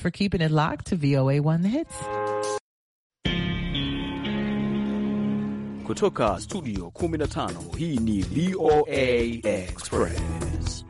for keeping it locked to VOA One The Hits. Kutoka studio 15 hii ni VOA Express.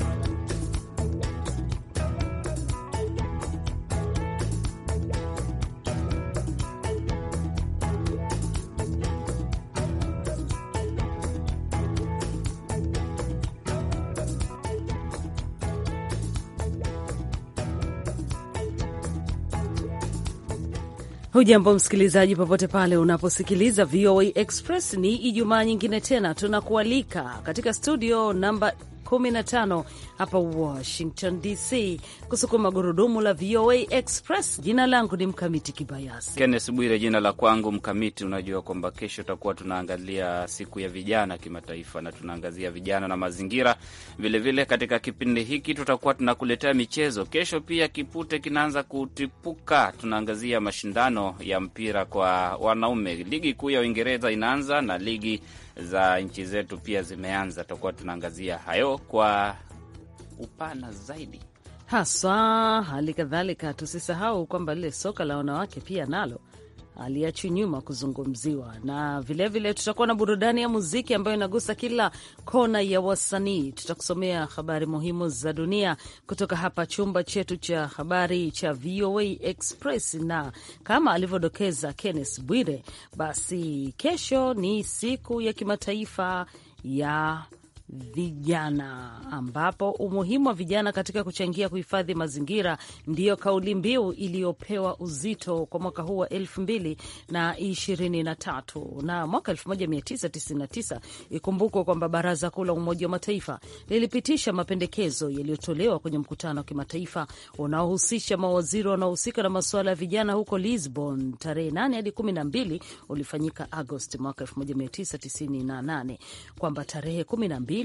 Hujambo msikilizaji, popote pale unaposikiliza VOA Express. Ni Ijumaa nyingine tena tunakualika katika studio namba 15 hapa Washington DC, kusukuma gurudumu la VOA Express. Jina langu ni Mkamiti Kibayasi Kennes Bwire, jina la kwangu Mkamiti. Unajua kwamba kesho tutakuwa tunaangalia siku ya vijana kimataifa, na tunaangazia vijana na mazingira vilevile vile. Katika kipindi hiki tutakuwa tunakuletea michezo. Kesho pia kipute kinaanza kutipuka, tunaangazia mashindano ya mpira kwa wanaume. Ligi kuu ya Uingereza inaanza na ligi za nchi zetu pia zimeanza. Tutakuwa tunaangazia hayo kwa upana zaidi haswa. Hali kadhalika tusisahau kwamba lile soka la wanawake pia nalo aliachwi nyuma kuzungumziwa, na vilevile tutakuwa na burudani ya muziki ambayo inagusa kila kona ya wasanii. Tutakusomea habari muhimu za dunia kutoka hapa chumba chetu cha habari cha VOA Express, na kama alivyodokeza Kenneth Bwire, basi kesho ni siku ya kimataifa ya vijana, ambapo umuhimu wa vijana katika kuchangia kuhifadhi mazingira ndiyo kauli mbiu iliyopewa uzito kwa mwaka huu wa elfu mbili na ishirini na tatu na mwaka 1999 ikumbukwe kwamba Baraza Kuu la Umoja wa Mataifa lilipitisha mapendekezo yaliyotolewa kwenye mkutano wa kimataifa unaohusisha mawaziri wanaohusika na, masuala ya vijana huko Lisbon tarehe 8 hadi 12 ulifanyika Agosti mwaka nane kwamba tarehe mbili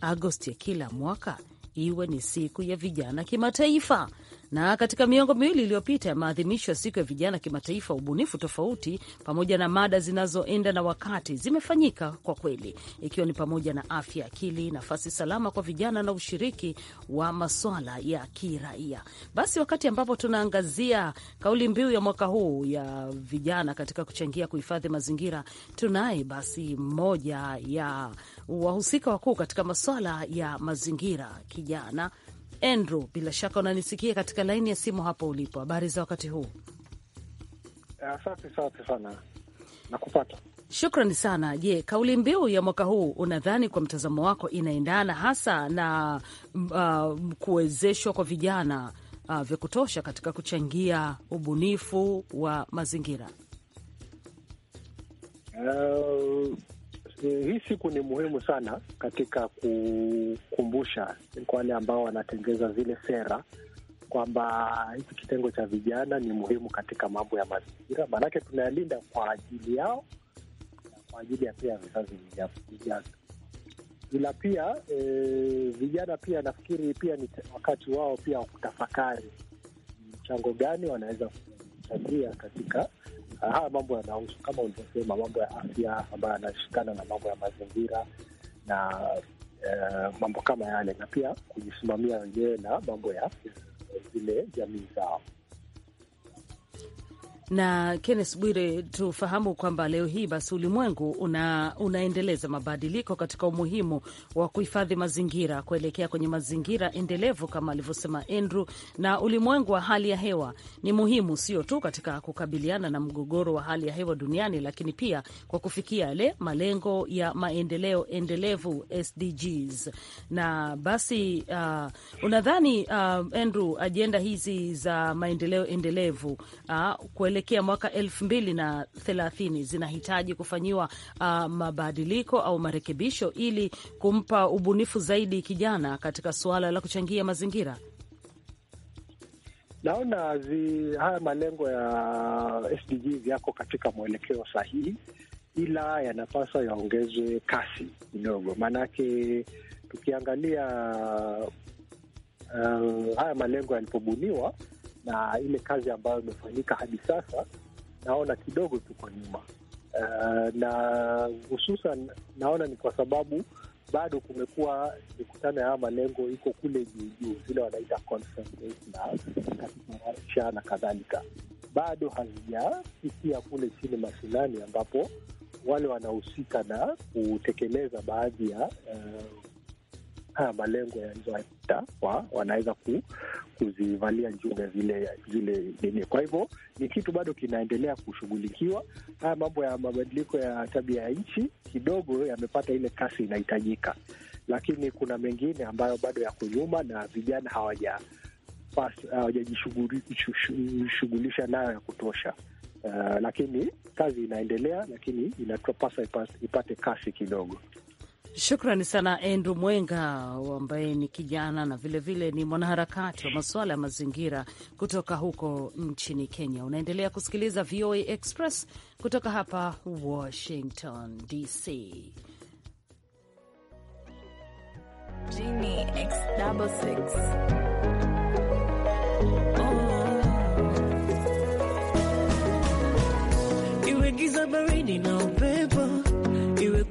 Agosti ya kila mwaka iwe ni siku ya vijana kimataifa. Na katika miongo miwili iliyopita ya maadhimisho ya siku ya vijana kimataifa, ubunifu tofauti pamoja na mada zinazoenda na wakati zimefanyika kwa kweli, ikiwa ni pamoja na afya akili, nafasi salama kwa vijana na ushiriki wa maswala ya kiraia. Basi wakati ambapo tunaangazia kauli mbiu ya mwaka huu ya vijana katika kuchangia kuhifadhi mazingira, tunaye basi mmoja ya wahusika wakuu katika maswala ya mazingira, kijana Andrew, bila shaka unanisikia katika laini ya simu hapo ulipo. Habari za wakati huu? Asante asante sana, nakupata. Shukrani sana. Je, kauli mbiu ya mwaka huu unadhani kwa mtazamo wako inaendana hasa na uh, kuwezeshwa kwa vijana uh, vya kutosha katika kuchangia ubunifu wa mazingira? Uh, Eh, hii siku ni muhimu sana katika kukumbusha kwa wale ambao wanatengeza zile sera kwamba hiki kitengo cha vijana ni muhimu katika mambo ya mazingira, maanake tunayalinda kwa ajili yao na kwa ajili ya pia vizazi vijavyo. Ila pia e, vijana pia nafikiri pia ni wakati wao pia wa kutafakari mchango gani wanaweza kuchangia katika haya mambo yanahusu kama ulivyosema, mambo ya afya ambayo yanashikana na mambo ya mazingira na uh, mambo kama yale, na pia kujisimamia wenyewe na mambo ya zile jamii zao na Kennes Bwire, tufahamu kwamba leo hii basi ulimwengu una, unaendeleza mabadiliko katika umuhimu wa kuhifadhi mazingira kuelekea kwenye mazingira endelevu kama alivyosema Andrew, na ulimwengu wa hali ya hewa ni muhimu sio tu katika kukabiliana na mgogoro wa hali ya hewa duniani, lakini pia kwa kufikia yale malengo ya maendeleo endelevu SDGs. Na basi uh, unadhani uh, Andrew, ajenda hizi za maendeleo endelevu uh, kuelekea mwaka elfu mbili na thelathini zinahitaji kufanyiwa uh, mabadiliko au marekebisho ili kumpa ubunifu zaidi kijana katika suala la kuchangia mazingira? Naona zi, haya malengo ya SDGs yako katika mwelekeo sahihi, ila yanapaswa yaongezwe kasi kidogo, maanake tukiangalia uh, haya malengo yalipobuniwa na ile kazi ambayo imefanyika hadi sasa, naona kidogo tuko nyuma uh, na hususan naona ni kwa sababu bado kumekuwa mikutano ya haya malengo iko kule juu juu, zile wanaita conferences na na kadhalika, bado hazijafikia kule chini mashinani, ambapo wale wanahusika na kutekeleza baadhi ya uh, haya ah, malengo yalizoaita wa, wanaweza ku, kuzivalia njuga zile zile nini. Kwa hivyo ni kitu bado kinaendelea kushughulikiwa. Haya ah, mambo ya mabadiliko ya tabia ya nchi kidogo yamepata ile kasi inahitajika, lakini kuna mengine ambayo bado yako nyuma na vijana hawaja hawajajishughulisha nayo ya kutosha. Uh, lakini kazi inaendelea, lakini inatupasa ipate kasi kidogo. Shukrani sana Andrew Mwenga ambaye ni kijana na vilevile vile ni mwanaharakati wa masuala ya mazingira kutoka huko nchini Kenya. Unaendelea kusikiliza VOA Express kutoka hapa Washington DC. Iwe giza baridi na upepo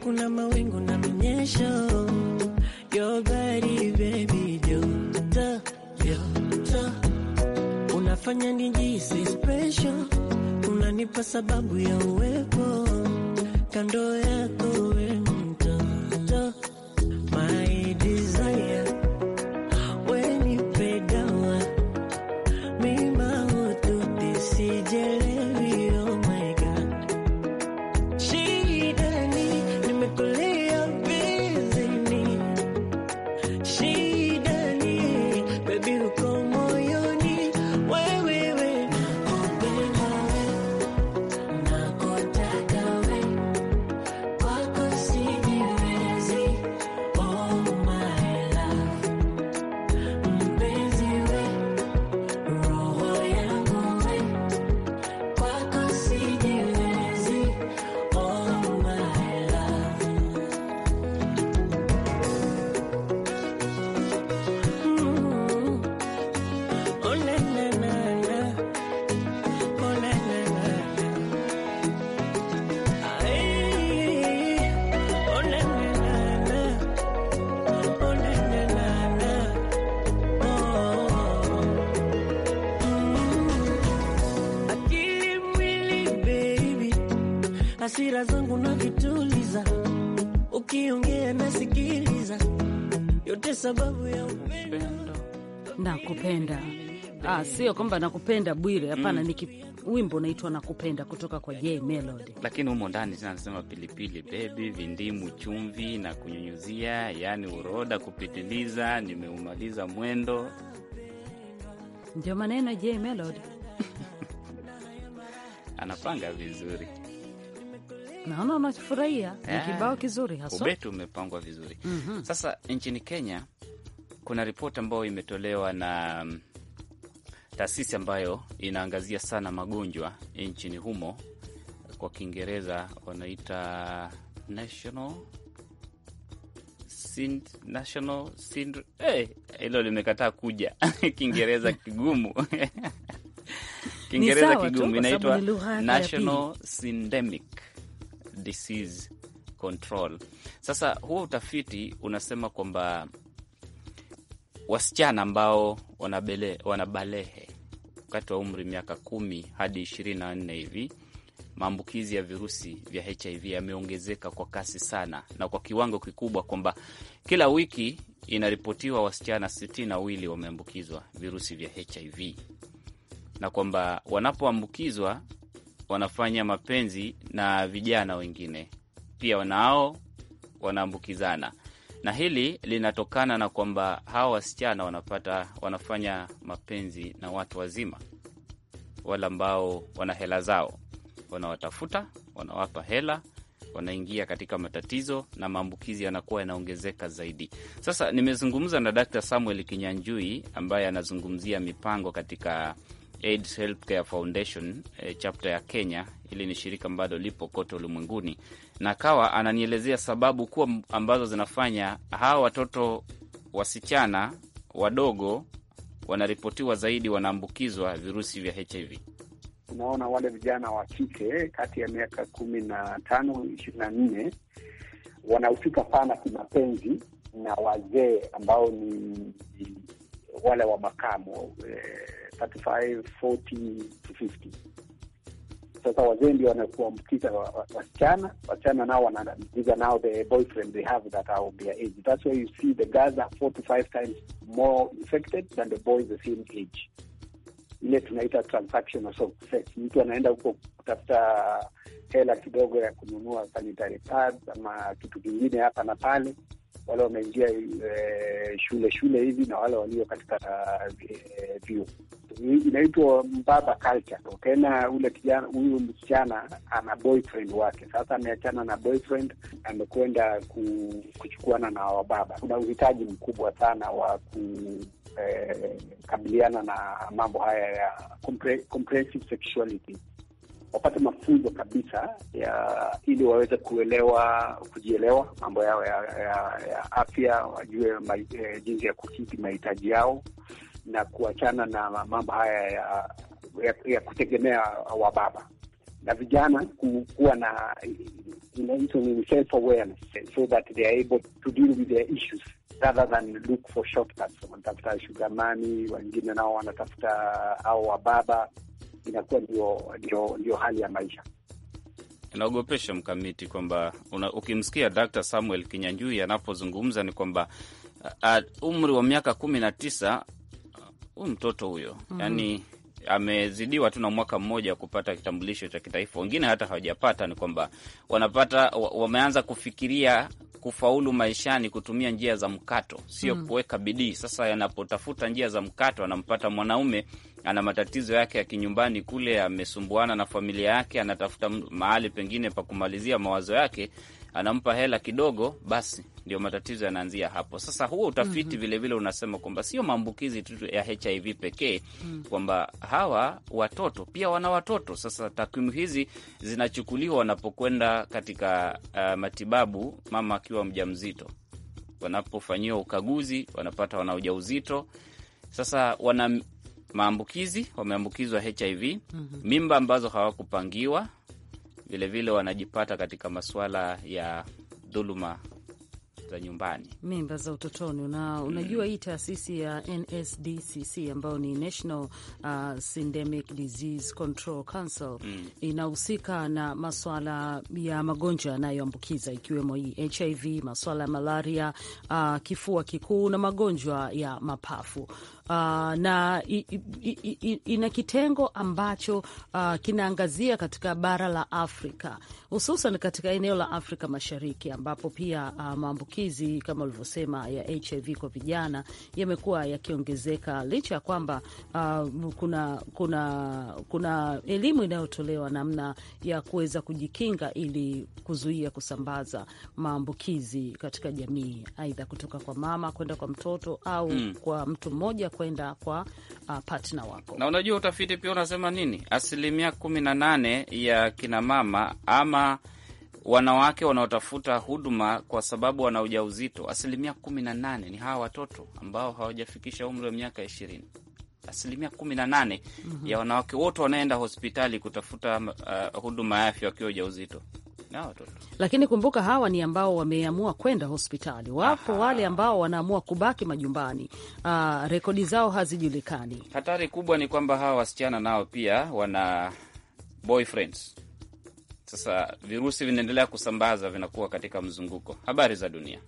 kuna mawingu na minyesho. Your body baby, joto, joto. Unafanya nijisi special. Unanipa sababu ya uwepo kando yako we mtoto. My desire hasira zangu nazituliza, ukiongea nasikiliza yote sababu ya upendo na kupenda. Ah, sio kwamba nakupenda Bwire, hapana. Mm. Niki wimbo unaitwa nakupenda kutoka kwa Jay Melody, lakini humo ndani tena pilipili bebi, vindimu, chumvi na kunyunyuzia, yaani uroda kupitiliza, nimeumaliza mwendo. Ndio maneno Jay Melody anapanga vizuri naona unafurahia ni eh. kibao kizuri hasa ubetu umepangwa vizuri mm -hmm. Sasa nchini Kenya kuna ripoti ambayo imetolewa na mm, taasisi ambayo inaangazia sana magonjwa nchini humo, kwa Kiingereza wanaita National hey, eh, hilo limekataa kuja Kiingereza kigumu Kiingereza kigumu inaitwa National Syndemic Disease Control. Sasa huo utafiti unasema kwamba wasichana ambao wanabalehe wakati wa umri miaka kumi hadi ishirini na nne hivi maambukizi ya virusi vya HIV yameongezeka kwa kasi sana na kwa kiwango kikubwa, kwamba kila wiki inaripotiwa wasichana sitini na wawili wameambukizwa virusi vya HIV na kwamba wanapoambukizwa wanafanya mapenzi na vijana wengine, pia nao wanaambukizana, na hili linatokana na kwamba hawa wasichana wanapata, wanafanya mapenzi na watu wazima, wale ambao wana hela zao, wanawatafuta, wanawapa hela wanaingia katika matatizo na maambukizi yanakuwa yanaongezeka zaidi. Sasa nimezungumza na Dkt. Samuel Kinyanjui ambaye anazungumzia mipango katika AIDS Healthcare Foundation eh, chapter ya Kenya. Hili ni shirika ambalo lipo kote ulimwenguni, na kawa ananielezea sababu kuwa ambazo zinafanya hawa watoto wasichana wadogo wanaripotiwa zaidi wanaambukizwa virusi vya HIV. Unaona wale vijana wa kike kati ya miaka kumi na tano ishirini na nne wanahusika sana kimapenzi na wazee ambao ni wale wa makamo eh, 35, 40, 50. Sasa wazee ndio wanakuambukiza wasichana, wasichana nao wanaiza nao the boyfriend they have that are of their age. That's why you see the girls are 45 times more infected than the boys the same age. Ile tunaita transaction of sex. Mtu anaenda huko kutafuta hela kidogo ya kununua sanitary pads ama kitu kingine hapa na pale, wale wameingia eh, shule shule hivi na wale walio katika eh, vyuo inaitwa mbaba culture. Tena ule kijana huyu msichana ana boyfriend wake, sasa ameachana na boyfriend, amekwenda kuchukuana na wababa. Kuna uhitaji mkubwa sana wa ku eh, kabiliana na mambo haya ya compre, comprehensive sexuality wapate mafunzo kabisa ya ili waweze kuelewa kujielewa mambo yao ya, ya, ya afya, wajue eh, jinsi ya kukidhi mahitaji yao na kuachana na mambo haya ya, ya, ya kutegemea wababa na vijana kuwa na inaitwa self awareness so that they are able to deal with their issues rather than look for shortcuts. Wanatafuta sugar mami, wengine nao wanatafuta au wababa, inakuwa ndio ndio ndio hali ya maisha. Inaogopesha mkamiti kwamba ukimsikia Dr. Samuel Kinyanjui anapozungumza ni kwamba uh, umri wa miaka kumi na tisa huyu mtoto huyo mm -hmm. yani amezidiwa tu na mwaka mmoja kupata kitambulisho cha kitaifa. Wengine hata hawajapata, ni kwamba wanapata wameanza kufikiria kufaulu maishani kutumia njia za mkato, sio mm. kuweka bidii. Sasa anapotafuta njia za mkato, anampata mwanaume ana matatizo yake ya kinyumbani kule, amesumbuana na familia yake, anatafuta mahali pengine pa kumalizia mawazo yake, anampa hela kidogo, basi ndio matatizo yanaanzia hapo. Sasa huo utafiti mm -hmm. vilevile unasema kwamba sio maambukizi tu ya HIV pekee mm -hmm. kwamba hawa watoto pia wana watoto. Sasa takwimu hizi zinachukuliwa wanapokwenda katika uh, matibabu, mama akiwa mjamzito, wanapofanyiwa ukaguzi, wanapata wana ujauzito, sasa wana maambukizi, wameambukizwa HIV mm -hmm. mimba ambazo hawakupangiwa vilevile wanajipata katika masuala ya dhuluma za nyumbani, mimba za utotoni na unajua, hii taasisi ya NSDCC ambayo ni National uh, Syndemic Disease Control Council mm. inahusika na maswala ya magonjwa yanayoambukiza ikiwemo hii HIV, maswala ya malaria, uh, kifua kikuu na magonjwa ya mapafu uh, na i, i, i, ina kitengo ambacho uh, kinaangazia katika bara la Afrika hususan katika eneo la Afrika Mashariki ambapo pia uh, maambukizi kama ulivyosema ya HIV kwa vijana yamekuwa yakiongezeka licha ya kwamba uh, kuna, kuna, kuna elimu inayotolewa namna ya kuweza kujikinga ili kuzuia kusambaza maambukizi katika jamii, aidha kutoka kwa mama kwenda kwa mtoto au mm. kwa mtu mmoja kwenda kwa uh, partner wako. Na unajua utafiti pia unasema nini? Asilimia kumi na nane ya kinamama ama wanawake wanaotafuta huduma kwa sababu wana ujauzito, asilimia kumi na nane ni hawa watoto ambao hawajafikisha umri wa miaka ishirini. Asilimia kumi na nane mm -hmm. ya wanawake wote wanaenda hospitali kutafuta uh, huduma ya afya wakiwa ujauzito na watoto. Lakini kumbuka hawa ni ambao wameamua kwenda hospitali. Wapo wale ambao wanaamua kubaki majumbani, uh, rekodi zao hazijulikani. Hatari kubwa ni kwamba hawa wasichana nao pia wana boyfriends. Sasa virusi vinaendelea kusambaza, vinakuwa katika mzunguko. Habari za dunia.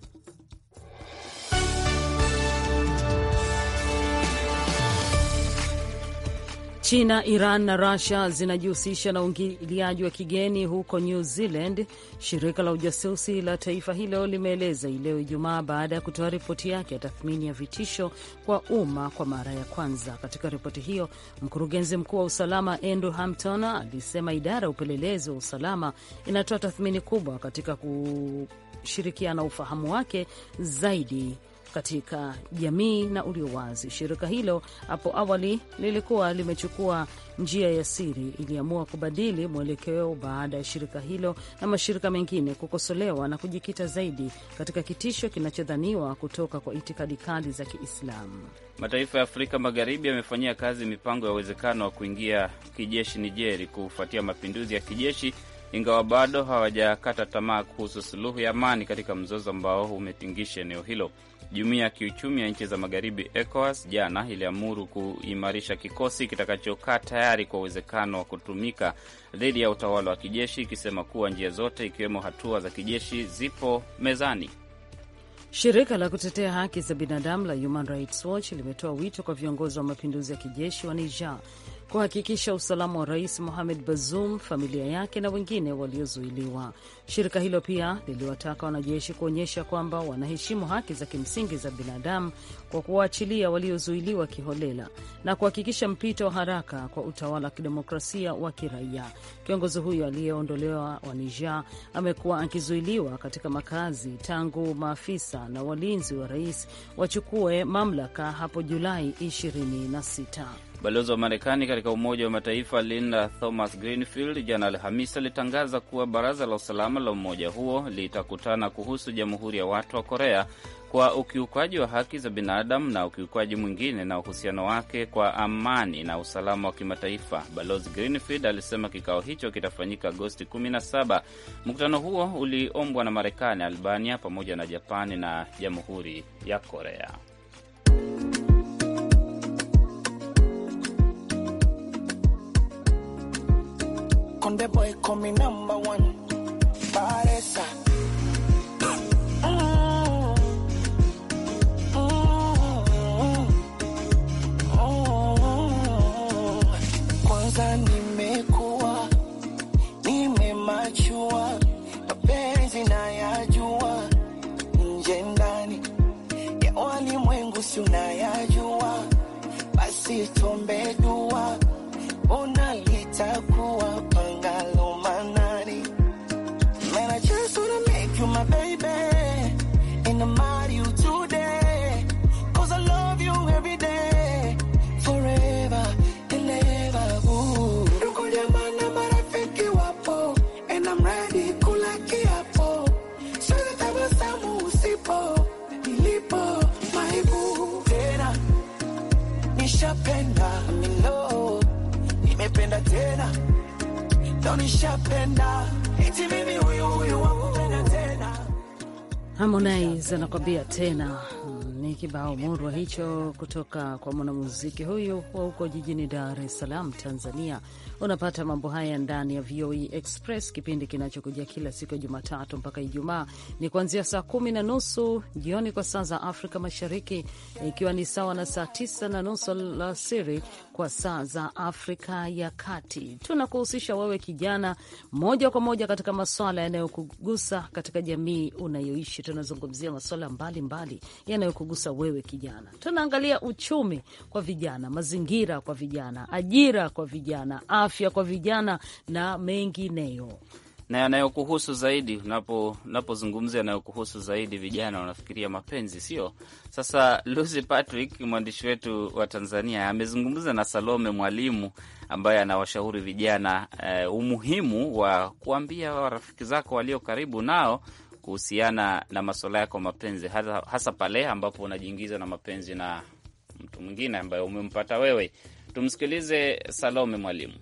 China, Iran na rusia zinajihusisha na uingiliaji wa kigeni huko New Zealand, shirika la ujasusi la taifa hilo limeeleza leo Ijumaa baada ya kutoa ripoti yake ya tathmini ya vitisho kwa umma kwa mara ya kwanza. Katika ripoti hiyo, mkurugenzi mkuu wa usalama Andrew Hampton alisema idara ya upelelezi wa usalama inatoa tathmini kubwa katika kushirikiana ufahamu wake zaidi katika jamii na ulio wazi. Shirika hilo hapo awali lilikuwa limechukua njia ya siri, iliamua kubadili mwelekeo baada ya shirika hilo na mashirika mengine kukosolewa na kujikita zaidi katika kitisho kinachodhaniwa kutoka kwa itikadi kali za Kiislamu. Mataifa ya Afrika Magharibi yamefanyia kazi mipango ya uwezekano wa kuingia kijeshi Nijeri kufuatia mapinduzi ya kijeshi ingawa bado hawajakata tamaa kuhusu suluhu ya amani katika mzozo ambao umetingisha eneo hilo. Jumuiya ya kiuchumi ya nchi za magharibi ECOWAS jana iliamuru kuimarisha kikosi kitakachokaa tayari kwa uwezekano wa kutumika dhidi ya utawala wa kijeshi, ikisema kuwa njia zote ikiwemo hatua za kijeshi zipo mezani. Shirika la kutetea haki za binadamu la Human Rights Watch limetoa wito kwa viongozi wa mapinduzi ya kijeshi wa Niger kuhakikisha usalama wa Rais Mohamed Bazoum, familia yake na wengine waliozuiliwa. Shirika hilo pia liliwataka wanajeshi kuonyesha kwamba wanaheshimu haki za kimsingi za binadamu kwa kuwaachilia waliozuiliwa kiholela na kuhakikisha mpito wa haraka kwa utawala wa kidemokrasia wa kiraia. Kiongozi huyo aliyeondolewa wa Niger amekuwa akizuiliwa katika makazi tangu maafisa na walinzi wa rais wachukue mamlaka hapo Julai 26. Balozi wa Marekani katika Umoja wa Mataifa Linda Thomas Greenfield jana Alhamis alitangaza kuwa baraza la usalama la umoja huo litakutana kuhusu Jamhuri ya Watu wa Korea kwa ukiukaji wa haki za binadamu na ukiukwaji mwingine na uhusiano wake kwa amani na usalama wa kimataifa. Balozi Greenfield alisema kikao hicho kitafanyika Agosti 17. Mkutano huo uliombwa na Marekani, Albania pamoja na Japani na Jamhuri ya Korea. Konde boy call me number one. Paresa. nishapenda eti mimi huyu huyu wakupenda tena. Harmonize anakwambia tena kibao murwa hicho kutoka kwa mwanamuziki huyu wa huko jijini Dar es Salaam, Tanzania. Unapata mambo haya ndani ya VOE Express, kipindi kinachokuja kila siku ya Jumatatu mpaka Ijumaa ni kuanzia saa kumi na nusu jioni kwa saa za Afrika Mashariki, ikiwa ni sawa na saa tisa na nusu alasiri kwa saa za Afrika ya Kati. Tunakuhusisha wewe kijana, moja kwa moja katika maswala yanayokugusa katika jamii unayoishi. Tunazungumzia maswala mbalimbali yanayokugusa wewe kijana. Tunaangalia uchumi kwa vijana, mazingira kwa vijana, ajira kwa vijana, afya kwa vijana na mengineyo na yanayokuhusu zaidi. Unapozungumzia yanayokuhusu zaidi, vijana wanafikiria mapenzi, sio? Sasa Lucy Patrick, mwandishi wetu wa Tanzania, amezungumza na Salome Mwalimu ambaye anawashauri vijana eh, umuhimu wa kuambia rafiki zako walio karibu nao kuhusiana na masuala yako mapenzi, hasa pale ambapo unajiingiza na mapenzi na mtu mwingine ambaye umempata wewe. Tumsikilize Salome Mwalimu.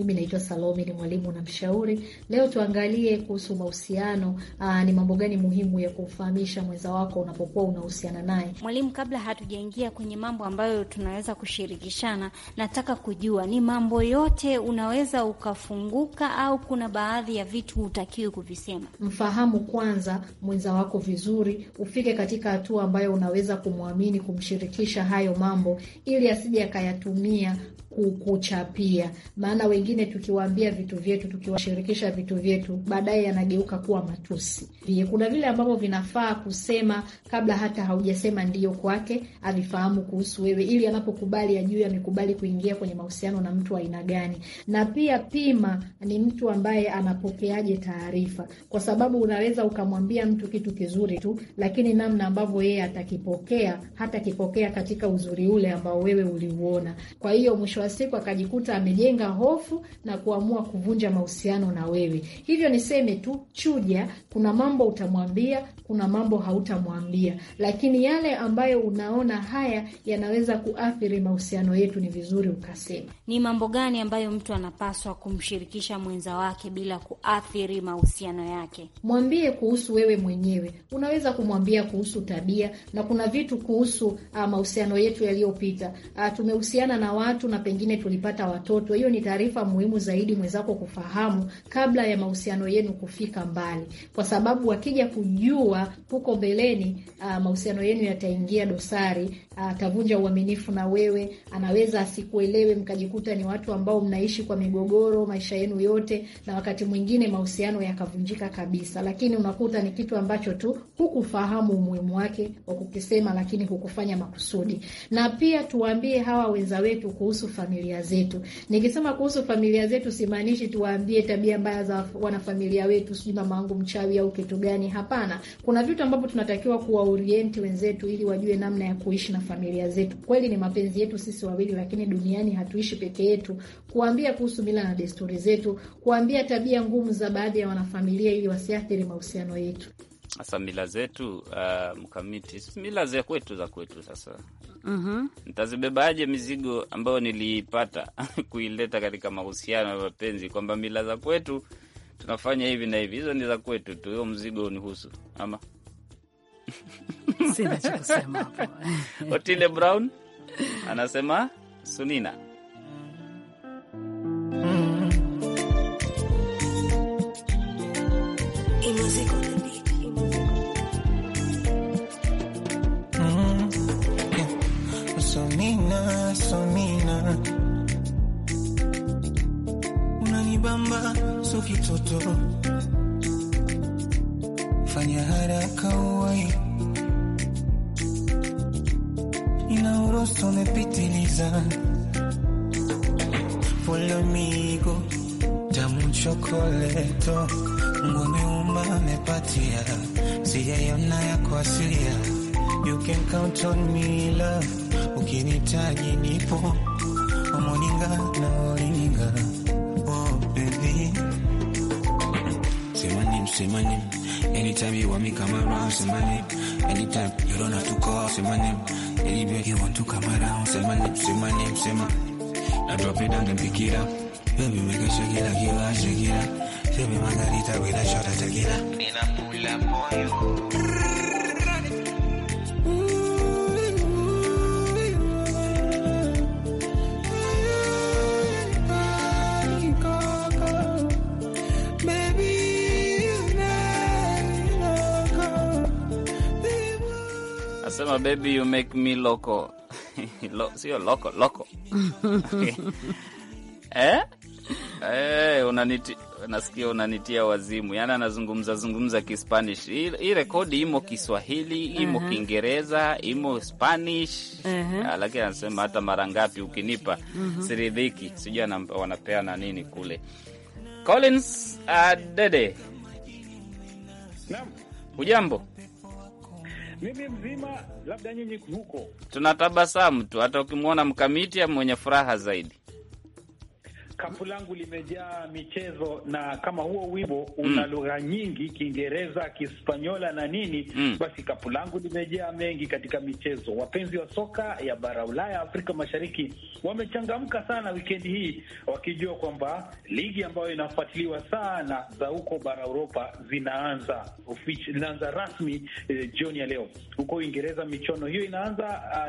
Mimi naitwa Salome, ni mwalimu na mshauri. Leo tuangalie kuhusu mahusiano. ni mambo gani muhimu ya kumfahamisha mwenza wako unapokuwa unahusiana naye? Mwalimu, kabla hatujaingia kwenye mambo ambayo tunaweza kushirikishana, nataka kujua ni mambo yote unaweza ukafunguka au kuna baadhi ya vitu hutakiwi kuvisema? Mfahamu kwanza mwenza wako vizuri, ufike katika hatua ambayo unaweza kumwamini kumshirikisha hayo mambo, ili asije akayatumia kuchapia, maana wengine tukiwaambia vitu vyetu, tukiwashirikisha vitu vyetu, baadaye yanageuka kuwa matusi. Kuna vile ambavyo vinafaa kusema kabla hata haujasema ndiyo kwake, avifahamu kuhusu wewe, ili anapokubali ajue amekubali kuingia kwenye mahusiano na mtu aina gani. Na pia pima ni mtu ambaye anapokeaje taarifa, kwa sababu unaweza ukamwambia mtu kitu kizuri tu, lakini namna ambavyo yeye atakipokea, hatakipokea katika uzuri ule ambao wewe uliuona. Kwa hiyo mwisho wa siku akajikuta amejenga hofu na kuamua kuvunja mahusiano na wewe. Hivyo niseme tu, chuja. Kuna mambo utamwambia, kuna mambo hautamwambia, lakini yale ambayo unaona haya yanaweza kuathiri mahusiano yetu, ni vizuri ukasema. Ni mambo gani ambayo mtu anapaswa kumshirikisha mwenza wake bila kuathiri mahusiano yake? Mwambie kuhusu wewe mwenyewe, unaweza kumwambia kuhusu tabia, na kuna vitu kuhusu uh, mahusiano yetu yaliyopita. Uh, tumehusiana na watu na pengine tulipata watoto. Hiyo ni taarifa muhimu zaidi mwenzako kufahamu kabla ya mahusiano yenu kufika mbali, kwa sababu wakija kujua kuwa huko mbeleni uh, mahusiano yenu yataingia dosari, uh, atavunja uh, uaminifu na wewe, anaweza asikuelewe, mkajikuta ni watu ambao mnaishi kwa migogoro maisha yenu yote, na wakati mwingine mahusiano yakavunjika kabisa. Lakini unakuta ni kitu ambacho tu hukufahamu umuhimu wake wa kukisema, lakini hukufanya makusudi. Na pia tuwaambie hawa wenza wetu kuhusu familia zetu. Nikisema kuhusu familia zetu, simaanishi tuwaambie tabia mbaya za wanafamilia wetu, sijui mama wangu mchawi au kitu gani. Hapana kuna vitu ambavyo tunatakiwa kuwaorienti wenzetu ili wajue namna ya kuishi na familia zetu. Kweli ni mapenzi yetu sisi wawili, lakini duniani hatuishi peke yetu. Kuambia kuhusu mila na desturi zetu, kuambia tabia ngumu za baadhi ya wanafamilia ili wasiathiri mahusiano yetu. Sasa mila zetu uh, mkamiti mila za kwetu za kwetu sasa mm -hmm. Nitazibebaje mizigo ambayo niliipata kuileta katika mahusiano ya mapenzi, kwamba mila za kwetu tunafanya hivi na hivi, hizo ni za kwetu tu, hiyo mzigo unihusu ama sina cha kusema hapo. Otile Brown anasema sunina mm bamba so kitoto, fanya haraka uwai, ina uroso umepitiliza, Polo migo tamu chokoleto, Mungu ameumba amepatia, sijaiona ya kuasilia, you can count on me love, ukinitaji nipo say my name. Anytime you want me, come around, say my name. Anytime you don't have to call, say my name. Anywhere you want to come around, say my name, say my name, say my Now drop it down and pick it up. Baby, make it shake it like you are shake it up. Baby, margarita with a shot of tequila. And I pull up on you. anasema baby you make me loco. Lo, sio loco, loco. Eh? Eh, unaniti nasikia unanitia wazimu. Yaani anazungumza zungumza Kispanish. Hii rekodi imo Kiswahili, imo uh -huh. Kiingereza, imo Spanish. Uh ah, -huh. Lakini anasema hata mara ngapi ukinipa uh mhm. -huh. siridhiki. Sijui wanapea na nini kule. Collins Adede. Ah, Naam. Ujambo? Mimi mzima, labda nyinyi huko. Tunatabasamu tu, hata ukimwona mkamiti mwenye furaha zaidi kapu langu limejaa michezo, na kama huo wimbo mm. una mm. lugha nyingi, Kiingereza, Kispanyola na nini mm. basi kapu langu limejaa mengi katika michezo. Wapenzi wa soka ya bara Ulaya, Afrika Mashariki wamechangamka sana wikendi hii, wakijua kwamba ligi ambayo inafuatiliwa sana za huko bara Uropa zinaanza inaanza rasmi eh, jioni ya leo huko Uingereza. Michuano hiyo inaanza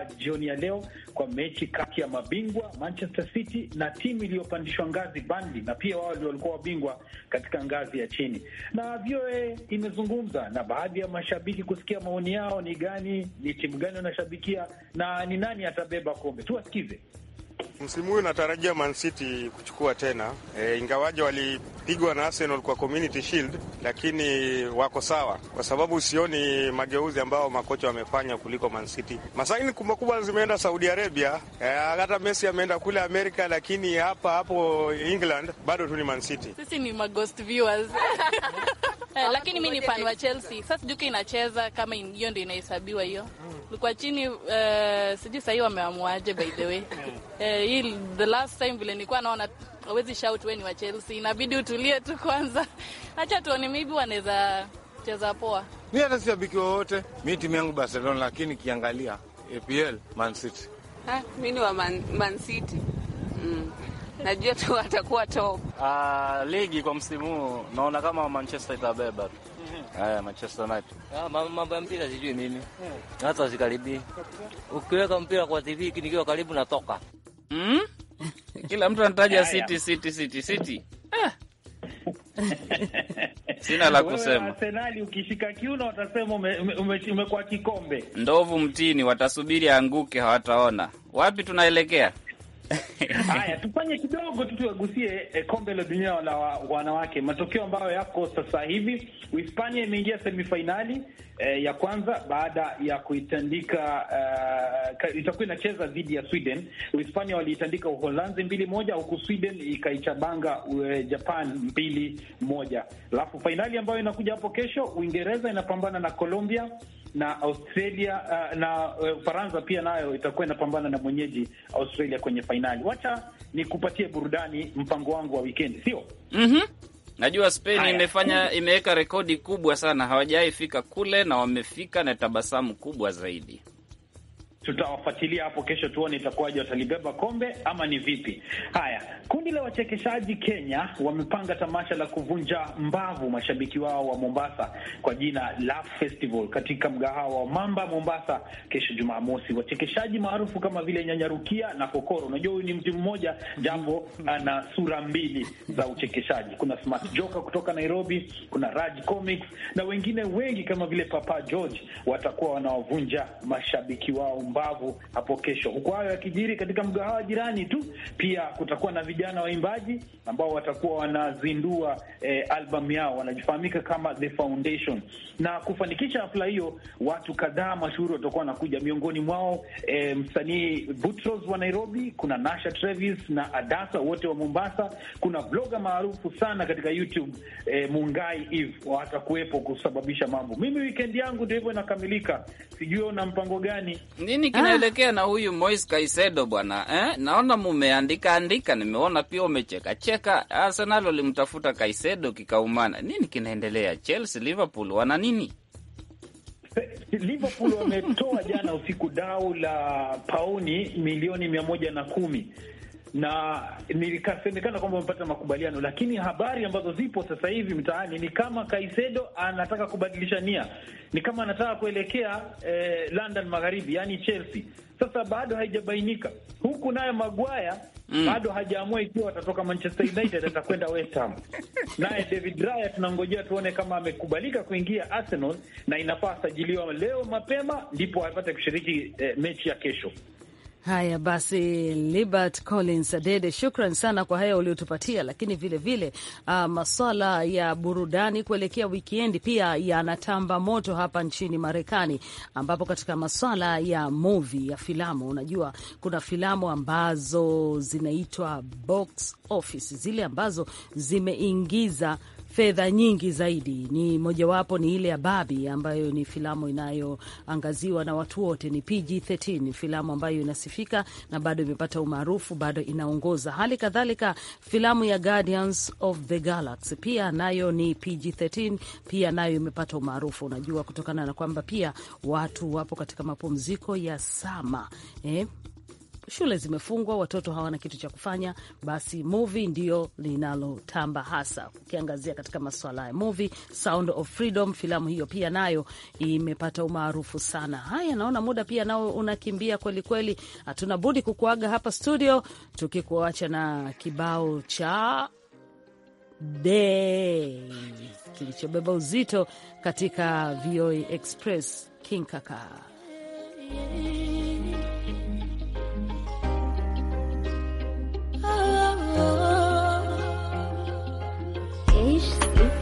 uh, jioni ya leo kwa mechi kati ya mabingwa Manchester City na timu iliyopandishwa kuanzishwa ngazi bandi, na pia wao ndio walikuwa wabingwa katika ngazi ya chini. Na VOA imezungumza na baadhi ya mashabiki kusikia maoni yao, ni gani, ni timu gani wanashabikia na ni nani atabeba kombe. Tuwasikize. Msimu huyu natarajia Man City kuchukua tena e, ingawaje walipigwa na Arsenal kwa Community Shield, lakini wako sawa, kwa sababu sioni mageuzi ambayo makocha wamefanya kuliko Man City. Masaini kubwa kubwa zimeenda Saudi Arabia, e, hata Messi ameenda kule Amerika, lakini hapa hapo England bado tu ni Man City. Sisi ni viewers Eh, lakini mi ni fan wa Chelsea. Sasa sijui inacheza kama hiyo ndio inahesabiwa hiyo. Mm. Kwa chini eh, sijui sahii wameamuaje by the way. Eh, hii the last time vile nilikuwa naona hawezi shout wewe ni wa Chelsea. Inabidi utulie tu kwanza. Acha tuone maybe wanaweza cheza poa. Mi hata shabiki wowote. Mi timu yangu Barcelona, lakini kiangalia APL Man City. Ha, mi ni wa Man, Man City. Mm najua tu atakuwa top. Uh, ligi kwa msimu huu naona kama Manchester itabeba tu. Mhm. Haya, Manchester United. Ah, mambo ya mpira sijui mimi. Hmm. Hata sikaribii. Ukiweka mpira kwa TV nikiwa karibu natoka. Mm? Kila mtu anataja City City City City. Ah. Sina la kusema. Arsenal ukishika kiuno watasema umekuwa kikombe. Ndovu mtini watasubiri anguke hawataona. Wapi tunaelekea? Haya, tufanye kidogo tu tuagusie eh, kombe la dunia la wanawake, matokeo ambayo yako sasa hivi. Uhispania imeingia semifainali eh, ya kwanza baada ya kuitandika uh, itakuwa inacheza dhidi ya Sweden. Uhispania waliitandika Uholanzi mbili moja, huku Sweden ikaichabanga eh, Japan mbili moja. Alafu fainali ambayo inakuja hapo kesho, Uingereza inapambana na Colombia na Australia uh, na uh, Ufaransa uh, pia nayo itakuwa inapambana na mwenyeji Australia kwenye fainali. Wacha ni kupatie burudani, mpango wangu wa wikendi sio mm -hmm. Najua Spain imefanya imeweka rekodi kubwa sana, hawajawahi fika kule na wamefika na tabasamu kubwa zaidi tutawafuatilia hapo kesho, tuone itakuwaje, watalibeba kombe ama ni vipi? Haya, kundi la wachekeshaji Kenya wamepanga tamasha la kuvunja mbavu mashabiki wao wa Mombasa kwa jina Laugh Festival katika mgahawa wa Mamba Mombasa kesho Jumamosi. Wachekeshaji maarufu kama vile Nyanyarukia na Kokoro, unajua huyu ni mti mmoja jambo ana sura mbili za uchekeshaji. Kuna Smart Joker kutoka Nairobi, kuna Raj Comics na wengine wengi kama vile Papa George watakuwa wanawavunja mashabiki wao wapumbavu hapo kesho. Huku hayo yakijiri, katika mgahawa jirani tu pia kutakuwa na vijana waimbaji ambao watakuwa wanazindua eh, albam yao, wanajifahamika kama The Foundation. Na kufanikisha hafla hiyo, watu kadhaa mashuhuri watakuwa wanakuja, miongoni mwao eh, msanii Butros wa Nairobi, kuna Nasha Travis na Adasa wote wa Mombasa, kuna bloga maarufu sana katika YouTube eh, Mungai Eve watakuwepo kusababisha mambo. Mimi wikendi yangu ndio hivyo inakamilika, sijui una mpango gani? nini ah. kinaelekea na huyu mois kaisedo bwana eh? Naona mumeandika andika, nimeona pia umecheka cheka. Arsenal walimtafuta Kaisedo kikaumana. Nini kinaendelea? Chelsea, Liverpool wana nini? Liverpool wametoa jana usiku dau la pauni milioni mia moja na kumi na nilikasemekana kwamba wamepata makubaliano, lakini habari ambazo zipo sasa hivi mtaani ni kama Kaisedo anataka kubadilisha nia, ni kama anataka kuelekea eh, London Magharibi, yani Chelsea. Sasa bado haijabainika, huku nayo magwaya mm. bado hajaamua ikiwa atatoka Manchester United atakwenda West Ham. Naye David Raya tunangojea tuone kama amekubalika kuingia Arsenal, na inafaa sajiliwa leo mapema ndipo apate kushiriki eh, mechi ya kesho. Haya basi, Libert Collins Adede, shukran sana kwa haya uliotupatia, lakini vilevile vile, uh, maswala ya burudani kuelekea wikendi pia yanatamba moto hapa nchini Marekani, ambapo katika maswala ya movi ya filamu, unajua kuna filamu ambazo zinaitwa box office, zile ambazo zimeingiza fedha nyingi zaidi. Ni mojawapo ni ile ya Barbie ambayo ni filamu inayoangaziwa na watu wote, ni PG-13, filamu ambayo inasifika na bado imepata umaarufu, bado inaongoza. Hali kadhalika filamu ya Guardians of the Galaxy pia nayo ni PG-13, pia nayo imepata umaarufu, unajua kutokana na kwamba pia watu wapo katika mapumziko ya sama eh, shule zimefungwa, watoto hawana kitu cha kufanya, basi movie ndio linalotamba hasa. Ukiangazia katika maswala ya movie, Sound of Freedom, filamu hiyo pia nayo imepata umaarufu sana. Haya, naona muda pia nao unakimbia kweli kweli, hatuna budi kukuaga hapa studio, tukikuacha na kibao cha de kilichobeba uzito katika VOA Express King Kaka. love. Ești